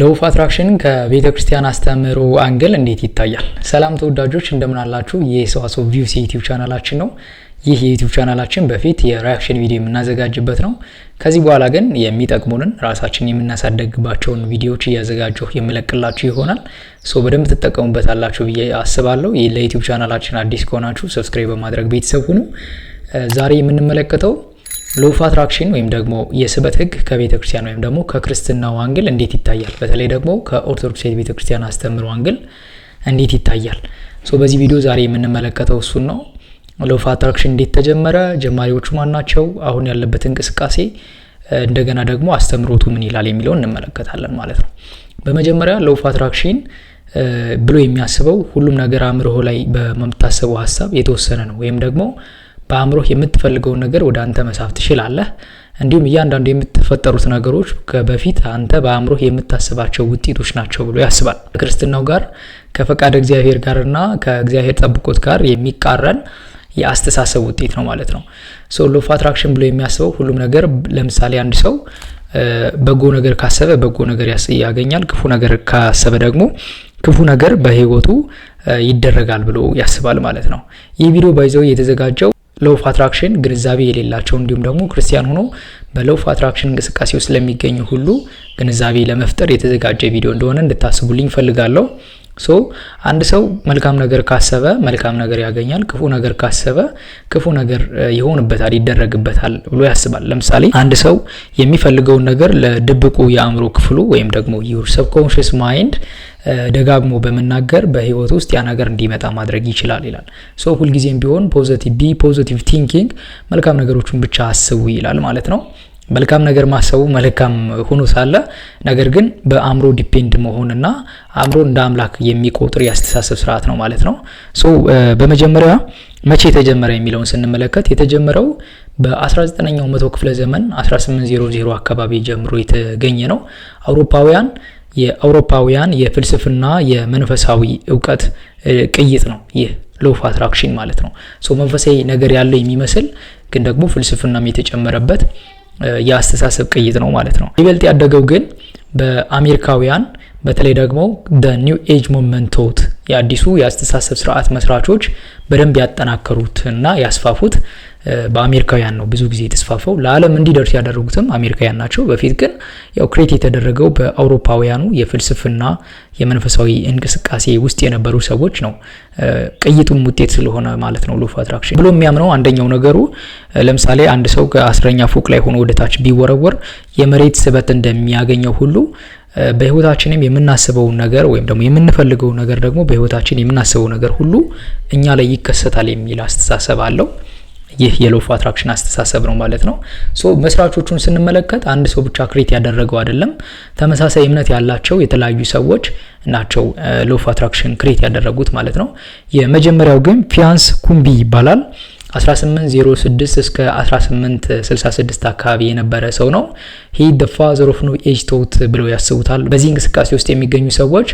ለውፍ አትራክሽን ከቤተ ክርስቲያን አስተምህሮ አንግል እንዴት ይታያል? ሰላም ተወዳጆች እንደምናላችሁ የሰዋሶ ቪውስ የዩቲዩብ ቻናላችን ነው። ይህ የዩቲዩብ ቻናላችን በፊት የሪያክሽን ቪዲዮ የምናዘጋጅበት ነው። ከዚህ በኋላ ግን የሚጠቅሙንን ራሳችን የምናሳደግባቸውን ቪዲዮዎች እያዘጋጀሁ የምለቅላችሁ ይሆናል። ሶ በደንብ ትጠቀሙበታላችሁ ብዬ አስባለሁ። ለዩቲዩብ ቻናላችን አዲስ ከሆናችሁ ሰብስክራይብ በማድረግ ቤተሰብ ሁኑ። ዛሬ የምንመለከተው ሎው ኦፍ አትራክሽን ወይም ደግሞ የስበት ህግ ከቤተ ክርስቲያን ወይም ደግሞ ከክርስትናው አንግል እንዴት ይታያል? በተለይ ደግሞ ከኦርቶዶክስ ቤተ ክርስቲያን አስተምሮ አንግል እንዴት ይታያል? ሶ በዚህ ቪዲዮ ዛሬ የምንመለከተው እሱን ነው። ሎው ኦፍ አትራክሽን እንዴት ተጀመረ? ጀማሪዎቹ ማን ናቸው? አሁን ያለበት እንቅስቃሴ እንደገና ደግሞ አስተምሮቱ ምን ይላል የሚለውን እንመለከታለን ማለት ነው። በመጀመሪያ ሎው ኦፍ አትራክሽን ብሎ የሚያስበው ሁሉም ነገር አእምሮህ ላይ በምታስበው ሀሳብ የተወሰነ ነው ወይም ደግሞ በአእምሮህ የምትፈልገውን ነገር ወደ አንተ መሳብ ትችላለህ። እንዲሁም እያንዳንዱ የምትፈጠሩት ነገሮች በፊት አንተ በአእምሮህ የምታስባቸው ውጤቶች ናቸው ብሎ ያስባል። ከክርስትናው ጋር ከፈቃድ እግዚአብሔር ጋርና ከእግዚአብሔር ጠብቆት ጋር የሚቃረን የአስተሳሰብ ውጤት ነው ማለት ነው። ሶ ሎፍ አትራክሽን ብሎ የሚያስበው ሁሉም ነገር ለምሳሌ አንድ ሰው በጎ ነገር ካሰበ በጎ ነገር ያገኛል፣ ክፉ ነገር ካሰበ ደግሞ ክፉ ነገር በህይወቱ ይደረጋል ብሎ ያስባል ማለት ነው። ይህ ቪዲዮ ባይዘው የተዘጋጀው ሎፍ አትራክሽን ግንዛቤ የሌላቸው እንዲሁም ደግሞ ክርስቲያን ሆኖ በሎፍ አትራክሽን እንቅስቃሴ ውስጥ ለሚገኙ ሁሉ ግንዛቤ ለመፍጠር የተዘጋጀ ቪዲዮ እንደሆነ እንድታስቡልኝ ፈልጋለሁ። ሶ አንድ ሰው መልካም ነገር ካሰበ መልካም ነገር ያገኛል፣ ክፉ ነገር ካሰበ ክፉ ነገር ይሆንበታል፣ ይደረግበታል ብሎ ያስባል። ለምሳሌ አንድ ሰው የሚፈልገውን ነገር ለድብቁ የአእምሮ ክፍሉ ወይም ደግሞ ዩር ሰብኮንሽስ ማይንድ ደጋግሞ በመናገር በህይወት ውስጥ ያ ነገር እንዲመጣ ማድረግ ይችላል ይላል። ሶ ሁልጊዜም ቢሆን ፖዘቲቭ ቢ ፖዘቲቭ ቲንኪንግ መልካም ነገሮችን ብቻ አስቡ ይላል ማለት ነው። መልካም ነገር ማሰቡ መልካም ሆኖ ሳለ ነገር ግን በአእምሮ ዲፔንድ መሆንና አእምሮ እንደ አምላክ የሚቆጥር የአስተሳሰብ ስርዓት ነው ማለት ነው። ሶ በመጀመሪያ መቼ የተጀመረ የሚለውን ስንመለከት የተጀመረው በ19ኛው መቶ ክፍለ ዘመን 1800 አካባቢ ጀምሮ የተገኘ ነው። አውሮፓውያን የአውሮፓውያን የፍልስፍና የመንፈሳዊ እውቀት ቅይጥ ነው ይህ ሎፍ አትራክሽን ማለት ነው። ሶ መንፈሳዊ ነገር ያለው የሚመስል ግን ደግሞ ፍልስፍናም የተጨመረበት የአስተሳሰብ ቅይጥ ነው ማለት ነው። ይበልጥ ያደገው ግን በአሜሪካውያን በተለይ ደግሞ ኒው ኤጅ ሞመንቶት የአዲሱ የአስተሳሰብ ስርዓት መስራቾች በደንብ ያጠናከሩት እና ያስፋፉት በአሜሪካውያን ነው ብዙ ጊዜ የተስፋፋው። ለዓለም እንዲደርስ ያደረጉትም አሜሪካውያን ናቸው። በፊት ግን ያው ክሬት የተደረገው በአውሮፓውያኑ የፍልስፍና የመንፈሳዊ እንቅስቃሴ ውስጥ የነበሩ ሰዎች ነው። ቅይጡም ውጤት ስለሆነ ማለት ነው ሎፍ አትራክሽን ብሎ የሚያምነው አንደኛው ነገሩ ለምሳሌ አንድ ሰው ከአስረኛ ፎቅ ላይ ሆኖ ወደታች ቢወረወር የመሬት ስበት እንደሚያገኘው ሁሉ በህይወታችንም የምናስበውን ነገር ወይም ደግሞ የምንፈልገው ነገር ደግሞ በህይወታችን የምናስበው ነገር ሁሉ እኛ ላይ ይከሰታል የሚል አስተሳሰብ አለው። ይህ የሎፍ አትራክሽን አስተሳሰብ ነው ማለት ነው። ሶ መስራቾቹን ስንመለከት አንድ ሰው ብቻ ክሬት ያደረገው አይደለም። ተመሳሳይ እምነት ያላቸው የተለያዩ ሰዎች ናቸው ሎፍ አትራክሽን ክሬት ያደረጉት ማለት ነው። የመጀመሪያው ግን ፊያንስ ኩምቢ ይባላል። 1806 እስከ 1866 አካባቢ የነበረ ሰው ነው። ሂ ደ ፋዘር ኦፍ ኒው ኤጅ ቶት ብለው ያስቡታል። በዚህ እንቅስቃሴ ውስጥ የሚገኙ ሰዎች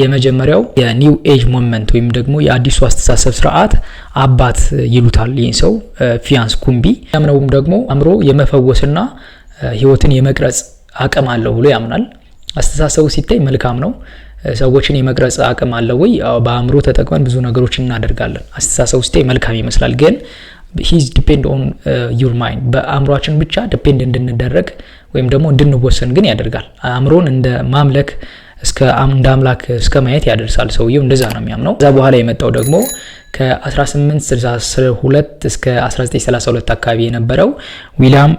የመጀመሪያው የኒው ኤጅ ሞመንት ወይም ደግሞ የአዲሱ አስተሳሰብ ስርዓት አባት ይሉታል። ይህን ሰው ፊያንስ ኩምቢ ያምነውም ደግሞ አእምሮ የመፈወስና ህይወትን የመቅረጽ አቅም አለው ብሎ ያምናል። አስተሳሰቡ ሲታይ መልካም ነው። ሰዎችን የመቅረጽ አቅም አለው ወይ? በአእምሮ ተጠቅመን ብዙ ነገሮች እናደርጋለን። አስተሳሰብ ውስጤ መልካም ይመስላል ግን ሂዝ ዲፔንድ ኦን ዩር ማይንድ በአእምሯችን ብቻ ዲፔንድ እንድንደረግ ወይም ደግሞ እንድንወሰን ግን ያደርጋል። አእምሮን እንደ ማምለክ እንደ አምላክ እስከ ማየት ያደርሳል። ሰውየው እንደዛ ነው የሚያምነው። ከዛ በኋላ የመጣው ደግሞ ከ1862 እስከ 1932 አካባቢ የነበረው ዊሊያም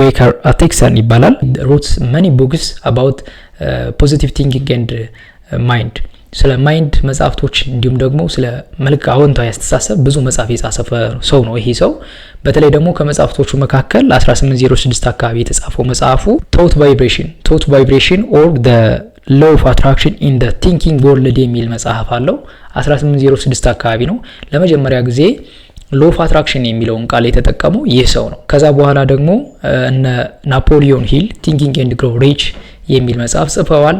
ዌከር uh, አቴክሰን ይባላል ሮት መኒ ቡክስ አባውት ፖዚቲቭ ቲንኪንግ ኤንድ ማይንድ ስለ ማይንድ መጽሐፍቶች እንዲሁም ደግሞ ስለ መልክ አዎንታዊ አስተሳሰብ ብዙ መጽሐፍ የጻፈ ሰው ነው ይሄ ሰው። በተለይ ደግሞ ከመጽሐፍቶቹ መካከል 1806 አካባቢ የተጻፈው መጽሐፉ ቶት ቫይብሬሽን ቶት ቫይብሬሽን ኦር ደ ሎው ኦፍ አትራክሽን ኢን ደ ቲንኪንግ ወርልድ የሚል መጽሐፍ አለው። 1806 አካባቢ ነው ለመጀመሪያ ጊዜ ሎፍ አትራክሽን የሚለውን ቃል የተጠቀመው ይህ ሰው ነው። ከዛ በኋላ ደግሞ እነ ናፖሊዮን ሂል ቲንኪንግ ኤንድ ግሮው ሪች የሚል መጽሐፍ ጽፈዋል።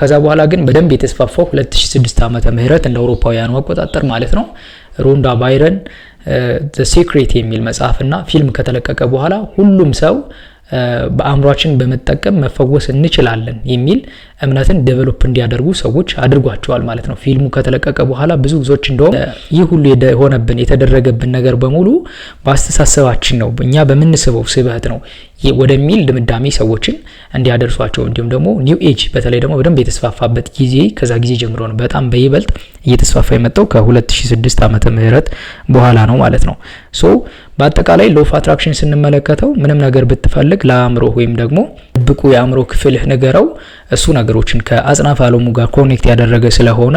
ከዛ በኋላ ግን በደንብ የተስፋፋው 2006 ዓመተ ምህረት እንደ አውሮፓውያኑ አቆጣጠር ማለት ነው። ሮንዳ ባይረን ዘ ሴክሬት የሚል መጽሐፍና ፊልም ከተለቀቀ በኋላ ሁሉም ሰው በአእምሯችን በመጠቀም መፈወስ እንችላለን የሚል እምነትን ዴቨሎፕ እንዲያደርጉ ሰዎች አድርጓቸዋል ማለት ነው። ፊልሙ ከተለቀቀ በኋላ ብዙ ብዙዎች እንደውም ይህ ሁሉ የሆነብን የተደረገብን ነገር በሙሉ በአስተሳሰባችን ነው፣ እኛ በምንስበው ስበት ነው ወደሚል ድምዳሜ ሰዎችን እንዲያደርሷቸው እንዲሁም ደግሞ ኒው ኤጅ በተለይ ደግሞ በደንብ የተስፋፋበት ጊዜ ከዛ ጊዜ ጀምሮ ነው። በጣም በይበልጥ እየተስፋፋ የመጣው ከ2006 ዓመተ ምህረት በኋላ ነው ማለት ነው። ሶ በአጠቃላይ ሎፍ አትራክሽን ስንመለከተው ምንም ነገር ብትፈልግ ለአእምሮ ወይም ደግሞ ድብቁ የአእምሮ ክፍልህ ንገረው፣ እሱ ነገሮችን ከአጽናፈ ዓለሙ ጋር ኮኔክት ያደረገ ስለሆነ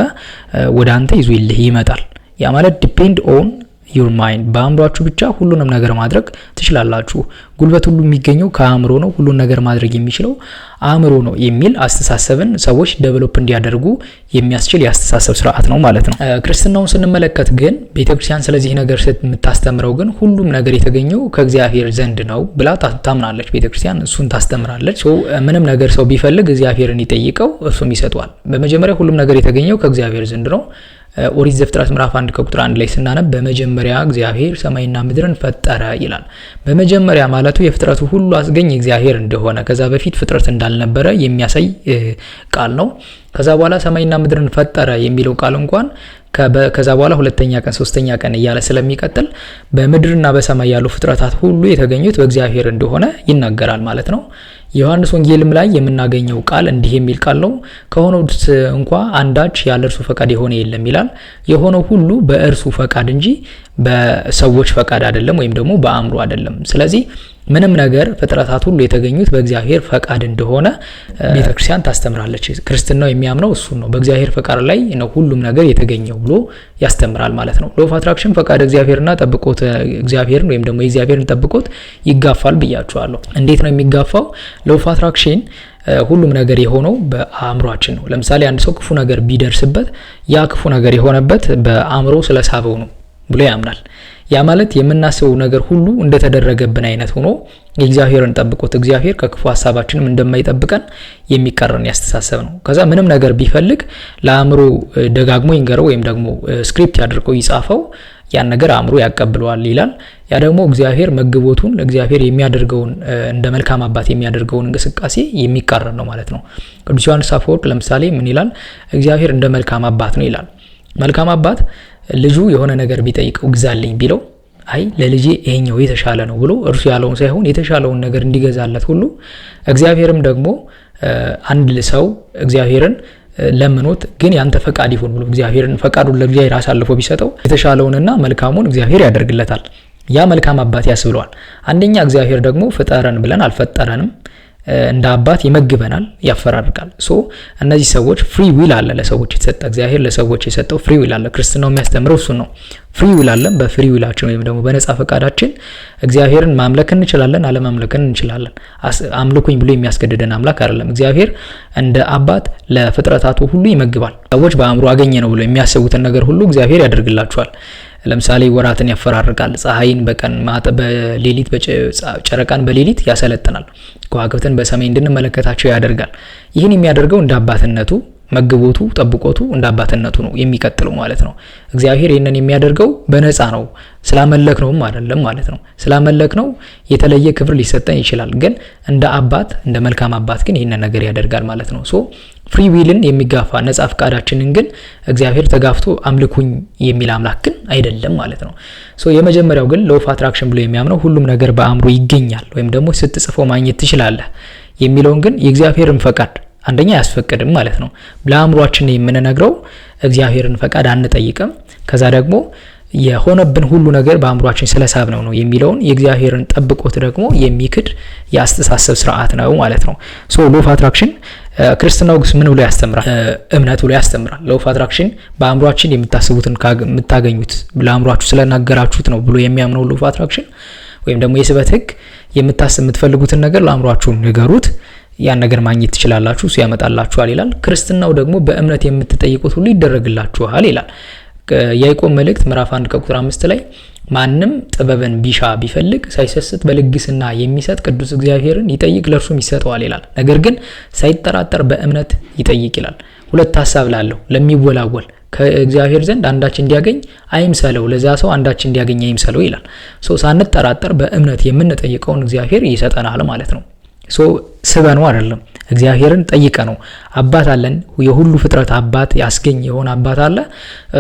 ወደ አንተ ይልህ ይመጣል። ያ ማለት ዲፔንድ ኦን ዩር ማይንድ በአእምሯችሁ ብቻ ሁሉንም ነገር ማድረግ ትችላላችሁ። ጉልበት ሁሉ የሚገኘው ከአእምሮ ነው፣ ሁሉን ነገር ማድረግ የሚችለው አእምሮ ነው የሚል አስተሳሰብን ሰዎች ደቨሎፕ እንዲያደርጉ የሚያስችል የአስተሳሰብ ስርዓት ነው ማለት ነው። ክርስትናውን ስንመለከት ግን ቤተክርስቲያን ስለዚህ ነገር የምታስተምረው ግን ሁሉም ነገር የተገኘው ከእግዚአብሔር ዘንድ ነው ብላ ታምናለች። ቤተክርስቲያን እሱን ታስተምራለች። ምንም ነገር ሰው ቢፈልግ እግዚአብሔርን ይጠይቀው፣ እሱም ይሰጧል። በመጀመሪያ ሁሉም ነገር የተገኘው ከእግዚአብሔር ዘንድ ነው። ኦሪት ዘፍጥረት ምዕራፍ 1 ከቁጥር አንድ ላይ ስናነብ በመጀመሪያ እግዚአብሔር ሰማይና ምድርን ፈጠረ ይላል። በመጀመሪያ ማለቱ የፍጥረቱ ሁሉ አስገኝ እግዚአብሔር እንደሆነ ከዛ በፊት ፍጥረት እንዳልነበረ የሚያሳይ ቃል ነው። ከዛ በኋላ ሰማይና ምድርን ፈጠረ የሚለው ቃል እንኳን ከዛ በኋላ ሁለተኛ ቀን ሶስተኛ ቀን እያለ ስለሚቀጥል በምድርና በሰማይ ያሉ ፍጥረታት ሁሉ የተገኙት በእግዚአብሔር እንደሆነ ይናገራል ማለት ነው። የዮሐንስ ወንጌልም ላይ የምናገኘው ቃል እንዲህ የሚል ቃል ነው። ከሆነውስ እንኳ አንዳች ያለ እርሱ ፈቃድ የሆነ የለም ይላል። የሆነው ሁሉ በእርሱ ፈቃድ እንጂ በሰዎች ፈቃድ አይደለም ወይም ደግሞ በአእምሮ አይደለም። ስለዚህ ምንም ነገር ፍጥረታት ሁሉ የተገኙት በእግዚአብሔር ፈቃድ እንደሆነ ቤተክርስቲያን ታስተምራለች። ክርስትናው የሚያምነው እሱን ነው። በእግዚአብሔር ፈቃድ ላይ ነው ሁሉም ነገር የተገኘው ብሎ ያስተምራል ማለት ነው። ሎው ኦፍ አትራክሽን ፈቃድ እግዚአብሔርና ጠብቆት እግዚአብሔርን ወይም ደግሞ የእግዚአብሔርን ጠብቆት ይጋፋል ብያችኋለሁ። እንዴት ነው የሚጋፋው? ሎፍ ኦፍ አትራክሽን ሁሉም ነገር የሆነው በአእምሯችን ነው። ለምሳሌ አንድ ሰው ክፉ ነገር ቢደርስበት ያ ክፉ ነገር የሆነበት በአእምሮ ስለሳበው ነው። ብሎ ያምናል። ያ ማለት የምናስበው ነገር ሁሉ እንደተደረገብን አይነት ሆኖ እግዚአብሔርን ጠብቆት እግዚአብሔር ከክፉ ሀሳባችንም እንደማይጠብቀን የሚቀረን ያስተሳሰብ ነው። ከዛ ምንም ነገር ቢፈልግ ለአእምሮ ደጋግሞ ይንገረው ወይም ደግሞ ስክሪፕት ያድርገው ይጻፈው፣ ያን ነገር አእምሮ ያቀብለዋል ይላል። ያ ደግሞ እግዚአብሔር መግቦቱን እግዚአብሔር የሚያደርገውን እንደ መልካም አባት የሚያደርገውን እንቅስቃሴ የሚቀረን ነው ማለት ነው። ቅዱስ ዮሐንስ አፈወርቅ ለምሳሌ ምን ይላል? እግዚአብሔር እንደ መልካም አባት ነው ይላል። መልካም አባት ልጁ የሆነ ነገር ቢጠይቀው ግዛልኝ ቢለው አይ ለልጄ ይሄኛው የተሻለ ነው ብሎ እርሱ ያለውን ሳይሆን የተሻለውን ነገር እንዲገዛለት ሁሉ እግዚአብሔርም ደግሞ አንድ ሰው እግዚአብሔርን ለምኖት ግን ያንተ ፈቃድ ይሁን ብሎ እግዚአብሔርን ፈቃዱን ለእግዚአብሔር አሳልፎ ቢሰጠው የተሻለውንና መልካሙን እግዚአብሔር ያደርግለታል። ያ መልካም አባት ያስብለዋል። አንደኛ እግዚአብሔር ደግሞ ፍጠረን ብለን አልፈጠረንም። እንደ አባት ይመግበናል፣ ያፈራርቃል። ሶ እነዚህ ሰዎች ፍሪ ዊል አለ ለሰዎች የተሰጠ እግዚአብሔር ለሰዎች የሰጠው ፍሪ ዊል አለ። ክርስትናው የሚያስተምረው እሱ ነው። ፍሪ ዊል አለ። በፍሪ ዊላችን ወይም ደግሞ በነጻ ፈቃዳችን እግዚአብሔርን ማምለክ እንችላለን፣ አለማምለክን እንችላለን። አምልኩኝ ብሎ የሚያስገድደን አምላክ አይደለም። እግዚአብሔር እንደ አባት ለፍጥረታቱ ሁሉ ይመግባል። ሰዎች በአእምሮ አገኘ ነው ብሎ የሚያስቡትን ነገር ሁሉ እግዚአብሔር ያደርግላቸዋል። ለምሳሌ ወራትን ያፈራርቃል፣ ፀሐይን በቀን በሌሊት ጨረቃን በሌሊት ያሰለጥናል፣ ከዋክብትን በሰማይ እንድንመለከታቸው ያደርጋል። ይህን የሚያደርገው እንደ አባትነቱ መግቦቱ ጠብቆቱ እንደ አባትነቱ ነው የሚቀጥለው ማለት ነው። እግዚአብሔር ይህንን የሚያደርገው በነፃ ነው፣ ስላመለክ ነውም አይደለም ማለት ነው። ስላመለክ ነው የተለየ ክብር ሊሰጠን ይችላል፣ ግን እንደ አባት እንደ መልካም አባት ግን ይህንን ነገር ያደርጋል ማለት ነው። ሶ ፍሪ ዊልን የሚጋፋ ነፃ ፍቃዳችንን ግን እግዚአብሔር ተጋፍቶ አምልኩኝ የሚል አምላክ ግን አይደለም ማለት ነው። ሶ የመጀመሪያው ግን ሎው ኦፍ አትራክሽን ብሎ የሚያምነው ሁሉም ነገር በአእምሮ ይገኛል ወይም ደግሞ ስትጽፈው ማግኘት ትችላለህ የሚለውን ግን የእግዚአብሔርን ፈቃድ አንደኛ አያስፈቅድም ማለት ነው። ለአእምሯችን የምንነግረው እግዚአብሔርን ፈቃድ አንጠይቅም። ከዛ ደግሞ የሆነብን ሁሉ ነገር በአእምሯችን ስለሳብ ነው ነው የሚለውን የእግዚአብሔርን ጠብቆት ደግሞ የሚክድ የአስተሳሰብ ስርዓት ነው ማለት ነው። ሶ ሎ ኦፍ አትራክሽን ክርስትናው ምን ብሎ ያስተምራል? እምነት ብሎ ያስተምራል። ሎፍ አትራክሽን በአእምሯችን የምታስቡትን የምታገኙት ለአእምሯችሁ ስለናገራችሁት ነው ብሎ የሚያምነው ሎፍ አትራክሽን ወይም ደግሞ የስበት ህግ የምታስብ የምትፈልጉትን ነገር ለአእምሯችሁ ንገሩት ያን ነገር ማግኘት ትችላላችሁ፣ እሱ ያመጣላችኋል ይላል። ክርስትናው ደግሞ በእምነት የምትጠይቁት ሁሉ ይደረግላችኋል ይላል። የያዕቆብ መልእክት ምዕራፍ 1 ከቁጥር 5 ላይ ማንም ጥበብን ቢሻ ቢፈልግ ሳይሰስት በልግስና የሚሰጥ ቅዱስ እግዚአብሔርን ይጠይቅ ለእርሱም ይሰጠዋል ይላል። ነገር ግን ሳይጠራጠር በእምነት ይጠይቅ ይላል። ሁለት ሀሳብ ላለው ለሚወላወል ከእግዚአብሔር ዘንድ አንዳች እንዲያገኝ አይምሰለው፣ ለዛ ሰው አንዳች እንዲያገኝ አይምሰለው ይላል። ሳንጠራጠር በእምነት የምንጠይቀውን እግዚአብሔር ይሰጠናል ማለት ነው። ስበ ነው አይደለም። እግዚአብሔርን ጠይቀ ነው። አባት አለን፣ የሁሉ ፍጥረት አባት ያስገኝ የሆነ አባት አለ።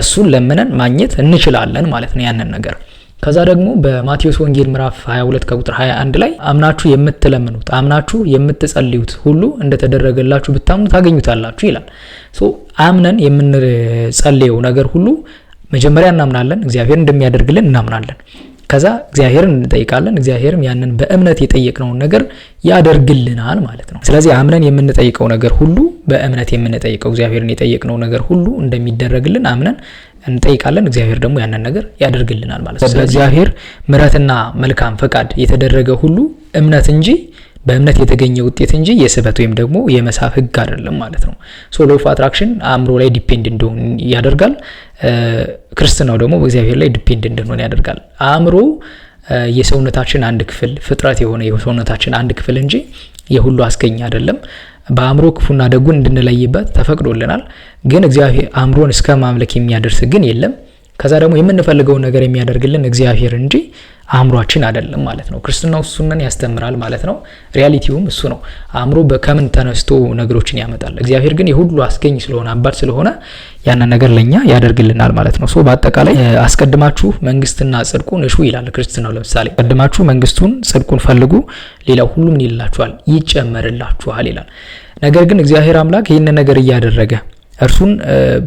እሱን ለምነን ማግኘት እንችላለን ማለት ነው ያንን ነገር ከዛ ደግሞ በማቴዎስ ወንጌል ምዕራፍ 22 ከቁጥር 21 ላይ አምናችሁ የምትለምኑት አምናችሁ የምትጸልዩት ሁሉ እንደተደረገላችሁ ብታምኑ ታገኙታላችሁ ይላል። አምነን የምንጸልየው ነገር ሁሉ መጀመሪያ እናምናለን፣ እግዚአብሔር እንደሚያደርግልን እናምናለን። ከዛ እግዚአብሔርን እንጠይቃለን። እግዚአብሔርም ያንን በእምነት የጠየቅነውን ነገር ያደርግልናል ማለት ነው። ስለዚህ አምነን የምንጠይቀው ነገር ሁሉ በእምነት የምንጠይቀው እግዚአብሔርን የጠየቅነው ነገር ሁሉ እንደሚደረግልን አምነን እንጠይቃለን። እግዚአብሔር ደግሞ ያንን ነገር ያደርግልናል ማለት ነው። በእግዚአብሔር ምሕረትና መልካም ፈቃድ የተደረገ ሁሉ እምነት እንጂ በእምነት የተገኘ ውጤት እንጂ የስበት ወይም ደግሞ የመሳብ ህግ አይደለም ማለት ነው። ሶ ሎው ኦፍ አትራክሽን አእምሮ ላይ ዲፔንድ እንደሆን ያደርጋል። ክርስትናው ደግሞ በእግዚአብሔር ላይ ዲፔንድ እንድንሆን ያደርጋል። አእምሮ የሰውነታችን አንድ ክፍል ፍጥረት የሆነ የሰውነታችን አንድ ክፍል እንጂ የሁሉ አስገኝ አይደለም። በአእምሮ ክፉና ደጉን እንድንለይበት ተፈቅዶልናል። ግን እግዚአብሔር አእምሮን እስከ ማምለክ የሚያደርስ ግን የለም። ከዛ ደግሞ የምንፈልገውን ነገር የሚያደርግልን እግዚአብሔር እንጂ አእምሯችን አይደለም ማለት ነው። ክርስትናው እሱንን ያስተምራል ማለት ነው። ሪያሊቲውም እሱ ነው። አእምሮ ከምን ተነስቶ ነገሮችን ያመጣል። እግዚአብሔር ግን የሁሉ አስገኝ ስለሆነ አባት ስለሆነ ያንን ነገር ለእኛ ያደርግልናል ማለት ነው። ሶ በአጠቃላይ አስቀድማችሁ መንግስትና ጽድቁን እሹ ይላል ክርስትናው። ለምሳሌ አስቀድማችሁ መንግስቱን ጽድቁን ፈልጉ፣ ሌላው ምን ይላችኋል ይጨመርላችኋል ይላል። ነገር ግን እግዚአብሔር አምላክ ይህንን ነገር እያደረገ እርሱን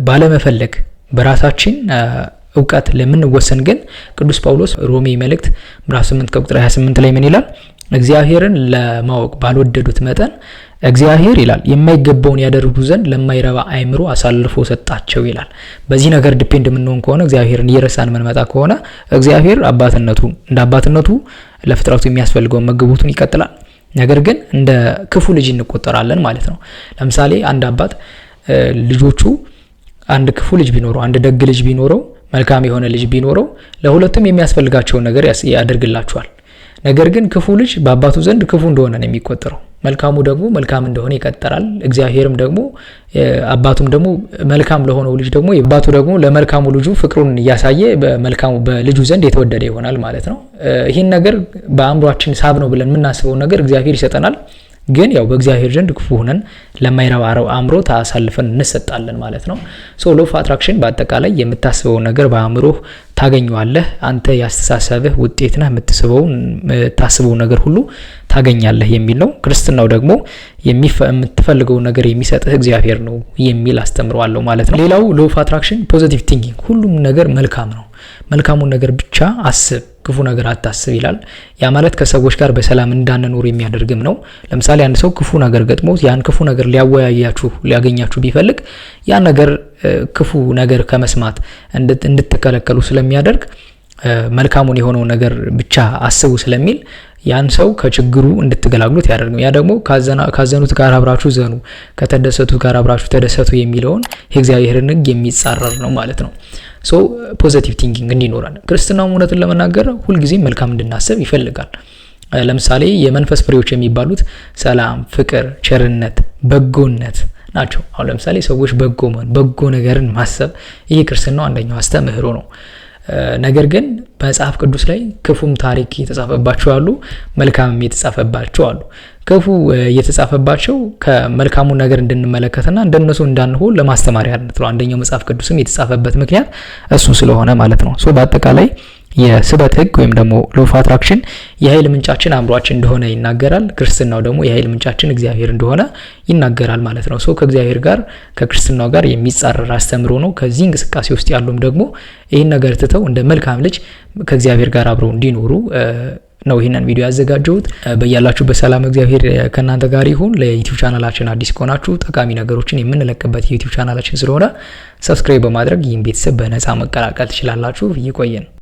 ባለመፈለግ በራሳችን እውቀት ለምንወሰን ግን ቅዱስ ጳውሎስ ሮሜ መልእክት ምዕራፍ 8 ከቁጥር 28 ላይ ምን ይላል? እግዚአብሔርን ለማወቅ ባልወደዱት መጠን እግዚአብሔር ይላል የማይገባውን ያደርጉ ዘንድ ለማይረባ አይምሮ አሳልፎ ሰጣቸው ይላል። በዚህ ነገር ዲፔንድ የምንሆን ከሆነ እግዚአብሔርን እየረሳን የምንመጣ ከሆነ እግዚአብሔር አባትነቱ እንደ አባትነቱ ለፍጥረቱ የሚያስፈልገውን መግቡቱን ይቀጥላል። ነገር ግን እንደ ክፉ ልጅ እንቆጠራለን ማለት ነው። ለምሳሌ አንድ አባት ልጆቹ አንድ ክፉ ልጅ ቢኖረው አንድ ደግ ልጅ ቢኖረው መልካም የሆነ ልጅ ቢኖረው ለሁለቱም የሚያስፈልጋቸውን ነገር ያደርግላቸዋል። ነገር ግን ክፉ ልጅ በአባቱ ዘንድ ክፉ እንደሆነ ነው የሚቆጠረው፣ መልካሙ ደግሞ መልካም እንደሆነ ይቀጠራል። እግዚአብሔርም ደግሞ አባቱም ደግሞ መልካም ለሆነው ልጅ ደግሞ አባቱ ደግሞ ለመልካሙ ልጁ ፍቅሩን እያሳየ በመልካሙ በልጁ ዘንድ የተወደደ ይሆናል ማለት ነው። ይህን ነገር በአእምሯችን ሳብ ነው ብለን የምናስበውን ነገር እግዚአብሔር ይሰጠናል። ግን ያው በእግዚአብሔር ዘንድ ክፉ ሆነን ለማይረባ አእምሮ ታሳልፈን እንሰጣለን ማለት ነው። ሶ ሎፍ አትራክሽን በአጠቃላይ የምታስበው ነገር በአእምሮ ታገኘዋለህ። አንተ ያስተሳሰብህ ውጤት ነህ። የምትስበውን የምታስበው ነገር ሁሉ ታገኛለህ የሚል ነው። ክርስትናው ደግሞ የምትፈልገው ነገር የሚሰጥህ እግዚአብሔር ነው የሚል አስተምሮ አለው ማለት ነው። ሌላው ሎፍ አትራክሽን ፖዚቲቭ ቲንኪንግ፣ ሁሉም ነገር መልካም ነው፣ መልካሙን ነገር ብቻ አስብ ክፉ ነገር አታስብ ይላል። ያ ማለት ከሰዎች ጋር በሰላም እንዳንኖር የሚያደርግም ነው። ለምሳሌ አንድ ሰው ክፉ ነገር ገጥሞት ያን ክፉ ነገር ነገር ሊያወያያችሁ ሊያገኛችሁ ቢፈልግ ያ ነገር ክፉ ነገር ከመስማት እንድትከለከሉ ስለሚያደርግ መልካሙን የሆነውን ነገር ብቻ አስቡ ስለሚል ያን ሰው ከችግሩ እንድትገላግሉት ያደርግም። ያ ደግሞ ካዘኑት ጋር አብራችሁ ዘኑ፣ ከተደሰቱት ጋር አብራችሁ ተደሰቱ የሚለውን የእግዚአብሔርን ሕግ የሚጻረር ነው ማለት ነው። ሶ ፖዘቲቭ ቲንኪንግ እንዲኖረን ክርስትናውም እውነትን ለመናገር ሁልጊዜ መልካም እንድናስብ ይፈልጋል። ለምሳሌ የመንፈስ ፍሬዎች የሚባሉት ሰላም፣ ፍቅር፣ ቸርነት፣ በጎነት ናቸው። አሁን ለምሳሌ ሰዎች በጎ መሆን፣ በጎ ነገርን ማሰብ ይህ ክርስትናው አንደኛው አስተምህሮ ነው። ነገር ግን መጽሐፍ ቅዱስ ላይ ክፉም ታሪክ የተጻፈባቸው አሉ፣ መልካምም የተጻፈባቸው አሉ። ክፉ የተጻፈባቸው ከመልካሙ ነገር እንድንመለከትና እንደነሱ እንዳንሆን ለማስተማሪያነት ነው። አንደኛው መጽሐፍ ቅዱስም የተጻፈበት ምክንያት እሱ ስለሆነ ማለት ነው። በአጠቃላይ የስበት ህግ ወይም ደግሞ ሎፍ አትራክሽን የኃይል ምንጫችን አእምሯችን እንደሆነ ይናገራል። ክርስትናው ደግሞ የኃይል ምንጫችን እግዚአብሔር እንደሆነ ይናገራል ማለት ነው። ሰው ከእግዚአብሔር ጋር ከክርስትናው ጋር የሚጻረር አስተምሮ ነው። ከዚህ እንቅስቃሴ ውስጥ ያሉም ደግሞ ይህን ነገር ትተው እንደ መልካም ልጅ ከእግዚአብሔር ጋር አብረው እንዲኖሩ ነው ይህንን ቪዲዮ ያዘጋጀሁት። በያላችሁበት ሰላም እግዚአብሔር ከእናንተ ጋር ይሁን። ለዩቲዩብ ቻናላችን አዲስ ከሆናችሁ ጠቃሚ ነገሮችን የምንለቅበት የዩቲዩብ ቻናላችን ስለሆነ ሰብስክራይብ በማድረግ ይህን ቤተሰብ በነፃ መቀላቀል ትችላላችሁ። ይቆየን።